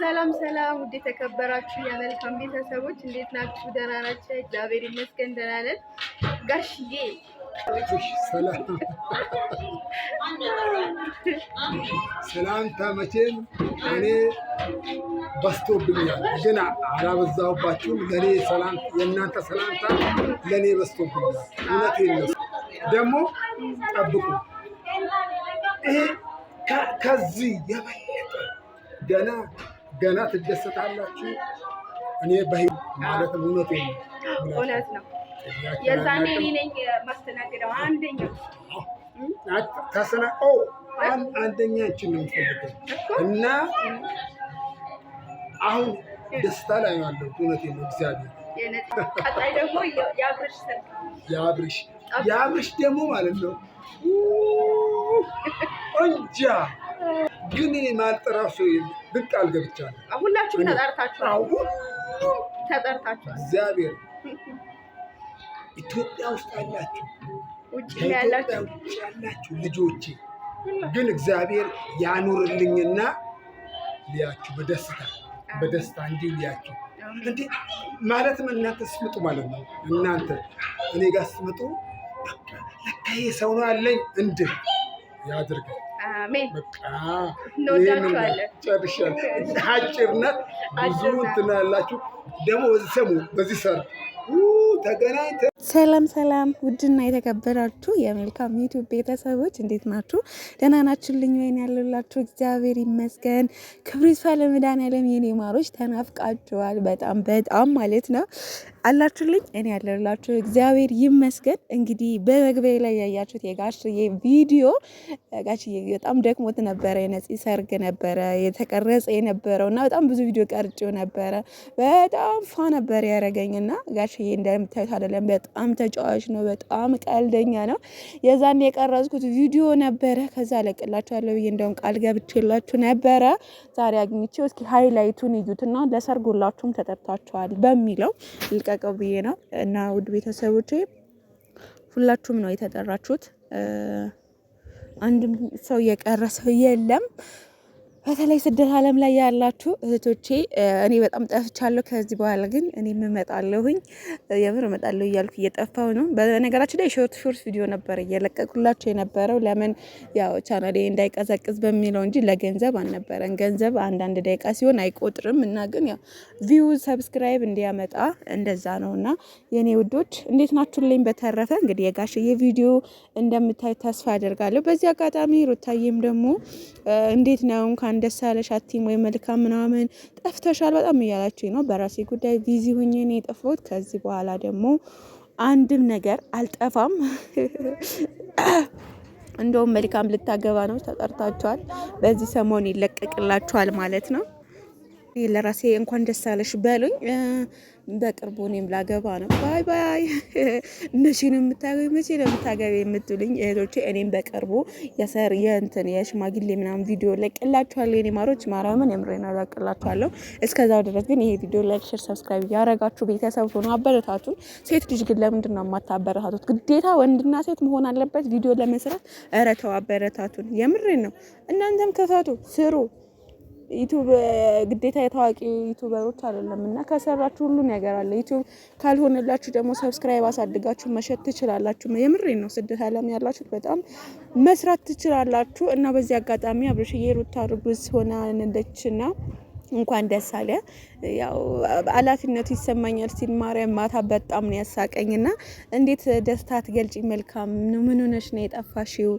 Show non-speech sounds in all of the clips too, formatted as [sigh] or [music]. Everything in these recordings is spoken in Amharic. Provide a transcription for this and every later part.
ሰላም ሰላም፣ ውድ የተከበራችሁ የመልካም ቤተሰቦች እንዴት ናችሁ? ደህና ናችሁ? እግዚአብሔር ይመስገን ደህና ነን። ጋሽዬ ሰላምታ መቼም እኔ በስቶብኛል፣ ግን አላበዛሁባችሁም። ለእኔ ሰላም የእናንተ ሰላምታ ለእኔ በስቶብኛል። እውነት ይነሱ ደግሞ ጠብቁ። ይሄ ከዚህ የበለጠ ገና ገና ትደሰታላችሁ። እኔ በህ ማለትም እውነት ነው እውነት ነው። የዛኔ እኔ ነኝ ማስተናግደው። አንደኛው ታሰናቀው አንደኛ አንቺን ነው የምፈልገው እና አሁን ደስታ ላይ ያለው እውነት ነው። እግዚአብሔር ቀጣይ ደግሞ የአብርሽ የአብርሽ የአብርሽ ደግሞ ማለት ነው እንጃ ግን ማልጠራው ሰው የለም ብቅ አልገብቻለሁ። ሁላችሁም ተጠርታችኋል፣ ሁሉም ተጠርታችኋል። እግዚአብሔር ኢትዮጵያ ውስጥ አላችሁ፣ ውጭ ያላችሁ ያላችሁ ልጆቼ ግን እግዚአብሔር ያኑርልኝና ሊያችሁ በደስታ በደስታ እንጂ ሊያችሁ እንዴ ማለት ነው። እናንተ ስምጡ ማለት ነው። እናንተ እኔ ጋር ስምጡ ለካ ሰው ነው ያለኝ እንድል ያድርገው አሜን። ብዙ እንትን አላችሁ ደግሞ ሰሙ በዚህ ሰር ሰላም ሰላም። ውድና የተከበራችሁ የመልካም ዩቲዩብ ቤተሰቦች እንዴት ናችሁ? ደህና ናችሁልኝ ወይን ያለላችሁ? እግዚአብሔር ይመስገን። ክብር ይስፋ ለመድኃኒዓለም። የኔ ማሮች ተናፍቃችኋል፣ በጣም በጣም ማለት ነው። አላችሁልኝ እኔ ያለላችሁ እግዚአብሔር ይመስገን። እንግዲህ በመግቢያ ላይ ያያችሁት የጋሽዬ ቪዲዮ ጋሽዬ በጣም ደክሞት ነበረ። የነፂ ሰርግ ነበረ የተቀረጸ የነበረው እና በጣም ብዙ ቪዲዮ ቀርጬው ነበረ። በጣም ፋ ነበር ያደረገኝ እና ጋሽዬ እንደምታዩት አይደለም፣ በጣም ተጫዋች ነው፣ በጣም ቀልደኛ ነው። የዛን የቀረጽኩት ቪዲዮ ነበረ። ከዛ ለቅላችኋለሁ ብዬ እንደውም ቃል ገብቼላችሁ ነበረ። ዛሬ አግኝቼው እስኪ ሃይላይቱን እዩትና ለሰርጉላችሁም ተጠርታችኋል በሚለው ልቀቀው ብዬ ነው እና ውድ ቤተሰቦቼ ሁላችሁም ነው የተጠራችሁት። አንድም ሰው የቀረ ሰው የለም። በተለይ ስደት ዓለም ላይ ያላችሁ እህቶቼ እኔ በጣም ጠፍቻለሁ። ከዚህ በኋላ ግን እኔ የምመጣለሁኝ የምር እመጣለሁ እያልኩ እየጠፋው ነው። በነገራችን ላይ ሾርት ሾርት ቪዲዮ ነበር እየለቀቁላችሁ የነበረው ለምን ያው ቻናሌ እንዳይቀዘቅዝ በሚለው እንጂ ለገንዘብ አልነበረን። ገንዘብ አንዳንድ ደቂቃ ሲሆን አይቆጥርም እና ግን ያው ቪው ሰብስክራይብ እንዲያመጣ እንደዛ ነው እና የእኔ ውዶች እንዴት ናችሁልኝ? በተረፈ እንግዲህ የጋሽዬ ቪዲዮ እንደምታይ ተስፋ አደርጋለሁ። በዚህ አጋጣሚ ሩታዬም ደግሞ እንዴት ነው እንኳን እንኳን ደስ ያለሽ አቲም ወይ መልካም ምናምን ጠፍተሻል በጣም እያላችሁኝ ነው። በራሴ ጉዳይ ቢዚ ሁኜ ነው የጠፋሁት። ከዚህ በኋላ ደግሞ አንድም ነገር አልጠፋም። እንደውም መልካም ልታገባ ነው ተጠርታችኋል። በዚህ ሰሞን ይለቀቅላችኋል ማለት ነው። ለራሴ እንኳን ደስ አለሽ በሉኝ። በቅርቡ እኔም ላገባ ነው። ባይ ባይ። [laughs] መቼ ነው የምታገቢ? መቼ ነው የምታገቢ የምትሉኝ እህቶቼ፣ እኔም በቅርቡ የሰር የእንትን የሽማግሌ ምናምን ቪዲዮ ለቅላችኋለሁ። የኔ ማሮች ማርያምን የምሬና ለቅላችኋለሁ። እስከዛው ድረስ ግን ይሄ ቪዲዮ ላይክ፣ ሼር፣ ሰብስክራይብ ያረጋችሁ ቤተሰብ ሆኖ አበረታቱን። ሴት ልጅ ግን ለምንድን ነው የማታበረታቱት? ግዴታ ወንድና ሴት መሆን አለበት ቪዲዮ ለመስራት? ኧረ ተው አበረታቱን። የምሬን ነው። እናንተም ክፈቱ ስሩ። ዩቱብ ግዴታ የታዋቂ ዩቱበሮች አይደለም እና ከሰራችሁ ሁሉ ነገር አለ። ዩቱብ ካልሆነላችሁ ደግሞ ሰብስክራይብ አሳድጋችሁ መሸጥ ትችላላችሁ። የምሬን ነው። ስደት ዓለም ያላችሁት በጣም መስራት ትችላላችሁ። እና በዚህ አጋጣሚ አብርሽዬ ሩታ ርጉዝ ሆና ነደችና እንኳን ደስ አለ። ያው ኃላፊነቱ ይሰማኛል ሲል ማርያም ማታ በጣም ነው ያሳቀኝ። ና እንዴት ደስታ ትገልጪ መልካም ምን ሆነሽ ነው የጠፋሽው?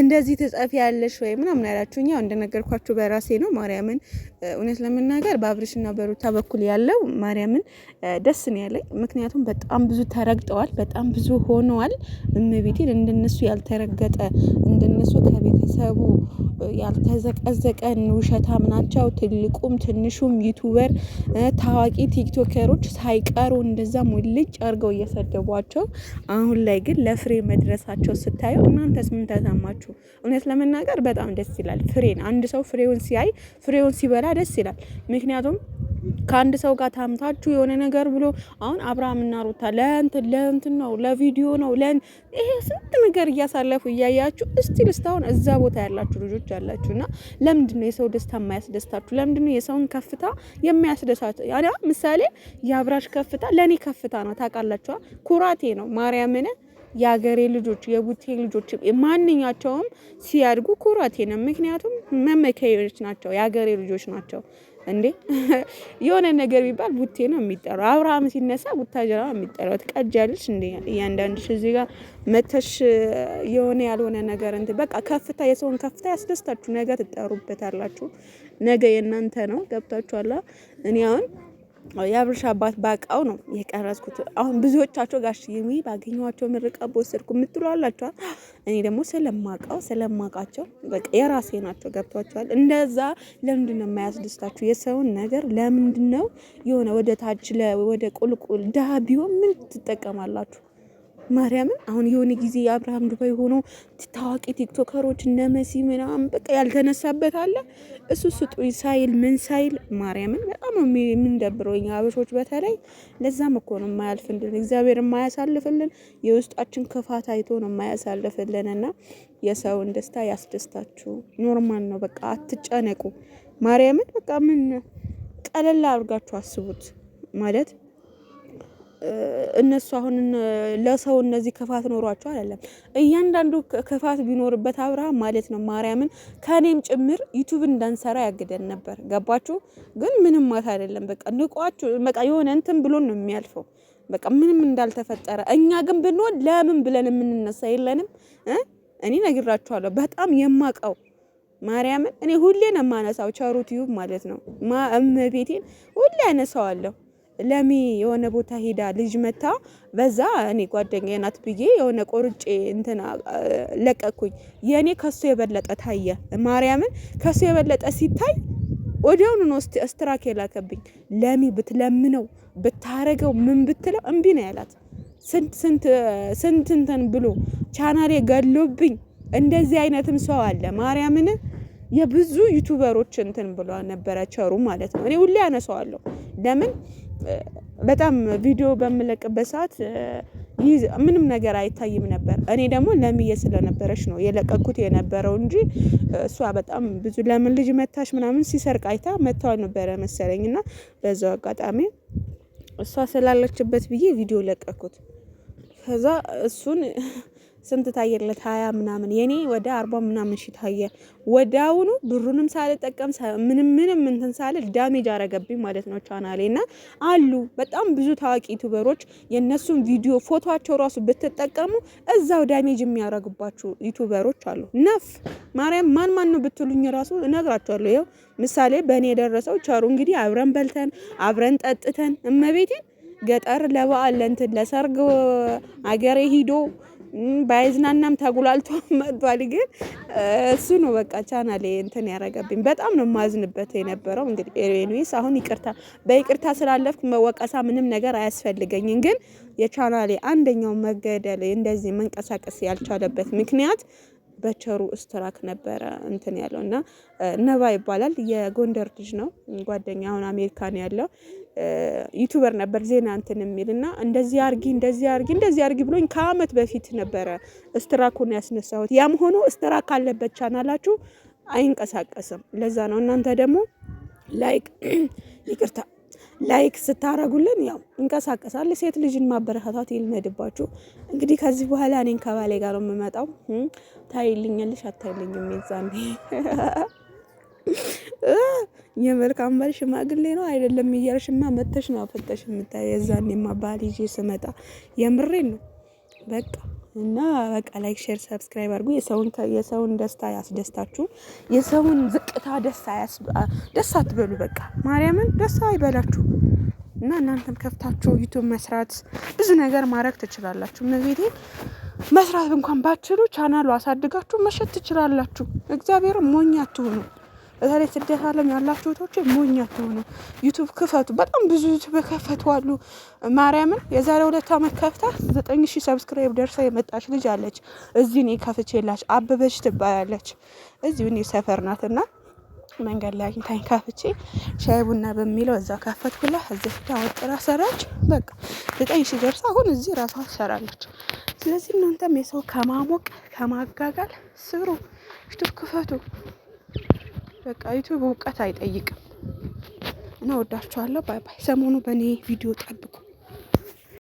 እንደዚህ ትጸፊ ያለሽ ወይ ምናምን ያላችሁኝ፣ ያው እንደነገርኳችሁ በራሴ ነው ማርያምን። እውነት ለመናገር ና በሩታ በኩል ያለው ማርያምን ደስ ነው ያለኝ። ምክንያቱም በጣም ብዙ ተረግጠዋል፣ በጣም ብዙ ሆነዋል። እመቤቴን እንደነሱ ያልተረገጠ እንደነሱ ከቤተሰቡ ያልተዘቀዘቀን ውሸታም ናቸው። ትልቁም ትንሹም ዩቱበር ታዋቂ ቲክቶከሮች ሳይቀሩ እንደዛ ሙልጭ አርገው እየሰደቧቸው፣ አሁን ላይ ግን ለፍሬ መድረሳቸው ስታዩ እናንተስ ምን ተሰማችሁ? እውነት ለመናገር በጣም ደስ ይላል። ፍሬን አንድ ሰው ፍሬውን ሲያይ ፍሬውን ሲበላ ደስ ይላል። ምክንያቱም ከአንድ ሰው ጋር ታምታችሁ የሆነ ነገር ብሎ አሁን አብርሃም እና ሩታ ለእንትን ለእንትን ነው ለቪዲዮ ነው ለን ይሄ ስንት ነገር እያሳለፉ እያያችሁ እስቲል እስካሁን እዛ ቦታ ያላችሁ ልጆች ያላችሁ እና ለምንድን ነው የሰው ደስታ የማያስደስታችሁ? ለምንድን ነው የሰውን ከፍታ የሚያስደሳት? ያ ምሳሌ የአብራሽ ከፍታ ለእኔ ከፍታ ነው። ታውቃላችኋ፣ ኩራቴ ነው። ማርያምን የአገሬ ልጆች የቡቴ ልጆች ማንኛቸውም ሲያድጉ ኩራቴ ነው። ምክንያቱም መመኪያዎች ናቸው፣ የአገሬ ልጆች ናቸው። እንዴ [laughs] የሆነ ነገር ቢባል ቡቴ ነው የሚጠራው። አብርሃም ሲነሳ ቡታጀራ የሚጠራው። ትቀጃለች። እንዴ እያንዳንድሽ እዚህ ጋር መተሽ የሆነ ያልሆነ ነገር እንትን በቃ ከፍታ የሰውን ከፍታ ያስደስታችሁ፣ ነገ ትጠሩበታላችሁ። ነገ የእናንተ ነው። ገብታችኋላ። እኔ አሁን የአብርሽ አባት ባቃው ነው የቀረጽኩት። አሁን ብዙዎቻቸው ጋሽዬ ሚ ባገኘኋቸው ምርቃ በወሰድኩ የምትሉ አላቸዋል። እኔ ደግሞ ስለማቃው ስለማቃቸው በቃ የራሴ ናቸው። ገብቷቸዋል። እንደዛ ለምንድን ነው የማያስደስታችሁ? የሰውን ነገር ለምንድን ነው የሆነ ወደ ታች ወደ ቁልቁል ዳ ቢሆን ምን ትጠቀማላችሁ? ማርያምን አሁን የሆነ ጊዜ የአብርሃም ዱባይ ሆኖ ታዋቂ ቲክቶከሮች እነ መሲ ምናምን በቃ ያልተነሳበት አለ። እሱ ስጡኝ ሳይል ምን ሳይል ማርያምን በጣም የምንደብረኝ አበሾች በተለይ ለዛም እኮ ነው የማያልፍልን እግዚአብሔር የማያሳልፍልን የውስጣችን ክፋት አይቶ ነው የማያሳልፍልን። እና የሰውን ደስታ ያስደስታችሁ፣ ኖርማል ነው በቃ አትጨነቁ። ማርያምን በቃ ምን ቀለል አድርጋችሁ አስቡት ማለት እነሱ አሁን ለሰው እነዚህ ክፋት ኖሯቸው አይደለም። እያንዳንዱ ክፋት ቢኖርበት አብርሃም ማለት ነው ማርያምን ከኔም ጭምር ዩቱብ እንዳንሰራ ያግደን ነበር። ገባችሁ? ግን ምንም ማት አይደለም። በቃ ንቋችሁ፣ በቃ የሆነ እንትን ብሎን ነው የሚያልፈው። በቃ ምንም እንዳልተፈጠረ። እኛ ግን ብንሆን ለምን ብለን የምንነሳ የለንም። እኔ ነግራችኋለሁ፣ በጣም የማቀው ማርያምን እኔ ሁሌ ነው የማነሳው፣ ማለት ነው እመቤቴን ሁሌ አነሳዋለሁ። ለሚ የሆነ ቦታ ሄዳ ልጅ መታ በዛ እኔ ጓደኛ ናት ብዬ የሆነ ቆርጬ እንትና ለቀኩኝ። የእኔ ከሱ የበለጠ ታየ። ማርያምን ከሱ የበለጠ ሲታይ ወዲያውኑ ነው ስትራክ የላከብኝ። ለሚ ብትለምነው ብታረገው ምን ብትለው እምቢ ነው ያላት። ስንት እንትን ብሎ ቻናሌ ገሎብኝ። እንደዚህ አይነትም ሰው አለ ማርያምን የብዙ ዩቱበሮች እንትን ብሎ ነበረ ቸሩ ማለት ነው። እኔ ሁሌ አነሳዋለሁ። ለምን በጣም ቪዲዮ በምለቅበት ሰዓት ምንም ነገር አይታይም ነበር። እኔ ደግሞ ለምዬ ስለነበረች ነው የለቀኩት የነበረው እንጂ እሷ በጣም ብዙ ለምን ልጅ መታሽ ምናምን ሲሰርቅ አይታ መታዋል ነበረ መሰለኝ እና በዛው አጋጣሚ እሷ ስላለችበት ብዬ ቪዲዮ ለቀኩት። ከዛ እሱን ስንት ታየለት? ሀያ ምናምን የኔ ወደ አርባ ምናምን ሺ ታየ። ወዳውኑ ብሩንም ሳልጠቀም ምንም ምንም እንትን ሳለ ዳሜጅ አረገብኝ ማለት ነው ቻናሌ እና አሉ በጣም ብዙ ታዋቂ ዩቱበሮች የእነሱን ቪዲዮ ፎቶቸው ራሱ ብትጠቀሙ እዛው ዳሜጅ የሚያረግባችሁ ዩቱበሮች አሉ። ነፍ ማርያም ማን ማን ነው ብትሉኝ ራሱ እነግራቸዋለሁ። ይኸው ምሳሌ በእኔ የደረሰው ቸሩ እንግዲህ አብረን በልተን አብረን ጠጥተን እመቤቴን ገጠር ለበዓል ለእንትን ለሰርግ አገሬ ሂዶ ባይዝናናም ተጉላልቶ [laughs] መጥቷል። ግን እሱ ነው በቃ ቻናሌ እንትን ያረገብኝ። በጣም ነው ማዝንበት የነበረው። እንግዲህ ኤሬኒስ አሁን ይቅርታ በይቅርታ ስላለፍኩ መወቀሳ ምንም ነገር አያስፈልገኝም። ግን የቻናሌ አንደኛው መገደል እንደዚህ መንቀሳቀስ ያልቻለበት ምክንያት በቸሩ እስትራክ ነበረ እንትን ያለው እና ነባ ይባላል። የጎንደር ልጅ ነው ጓደኛ አሁን አሜሪካን ያለው ዩቱበር ነበር ዜና እንትን የሚል እና እንደዚህ አርጊ እንደዚህ አርጊ እንደዚህ አርጊ ብሎኝ ከአመት በፊት ነበረ እስትራኩን ያስነሳሁት። ያም ሆኖ ስትራክ አለበት ቻናላችሁ አይንቀሳቀስም። ለዛ ነው እናንተ ደግሞ ላይክ ይቅርታ ላይክ ስታረጉልን ያው እንቀሳቀሳል። ሴት ልጅን ማበረታታት ይልመድባችሁ። እንግዲህ ከዚህ በኋላ እኔን ከባሌ ጋር ነው የምመጣው። ታይልኛልሽ አታይልኝም? የዛኔ የመልካም ባል ሽማግሌ ነው አይደለም እያልሽማ መተሽ ነው አፈተሽ የምታይ። የዛኔማ ባል ይዤ ስመጣ የምሬን ነው በቃ እና በቃ ላይክ ሼር ሰብስክራይብ አድርጉ። የሰውን የሰውን ደስታ ያስደስታችሁ፣ የሰውን ዝቅታ ደስ አትበሉ። በቃ ማርያምን ደስታ አይበላችሁ እና እናንተም ከፍታችሁ ዩቱብ መስራት ብዙ ነገር ማድረግ ትችላላችሁ። እነዚህ መስራት እንኳን ባችሉ ቻናሉ አሳድጋችሁ መሸጥ ትችላላችሁ። እግዚአብሔር ሞኝ አትሁኑ። በተለይ ስደት ዓለም ያላችሁ ቶች ሞኝ ነው። ዩቱብ ክፈቱ። በጣም ብዙ ዩቱብ ከፈቱ አሉ። ማርያምን የዛሬ ሁለት ዓመት ከፍታ ዘጠኝ ሺህ ሰብስክራይብ ደርሳ የመጣች ልጅ አለች። እዚህ እኔ ከፍቼላች አበበች ትባላለች። እዚሁ እኔ ሰፈር ናትና መንገድ ላይ አግኝታኝ ከፍቼ ሻይ ቡና በሚለው እዛ ከፈትኩላ። እዚህ ሄዳ ወጥራ ሰራች። በቃ ዘጠኝ ሺህ ደርሳ አሁን እዚህ ራሷ ትሰራለች። ስለዚህ እናንተም የሰው ከማሞቅ ከማጋጋል ስሩ፣ ዩቱብ ክፈቱ። በቃ ዩቲዩብ እውቀት አይጠይቅም እና ወዳችኋለሁ። ባይ ባይ። ሰሞኑ በእኔ ቪዲዮ ጠብቁ።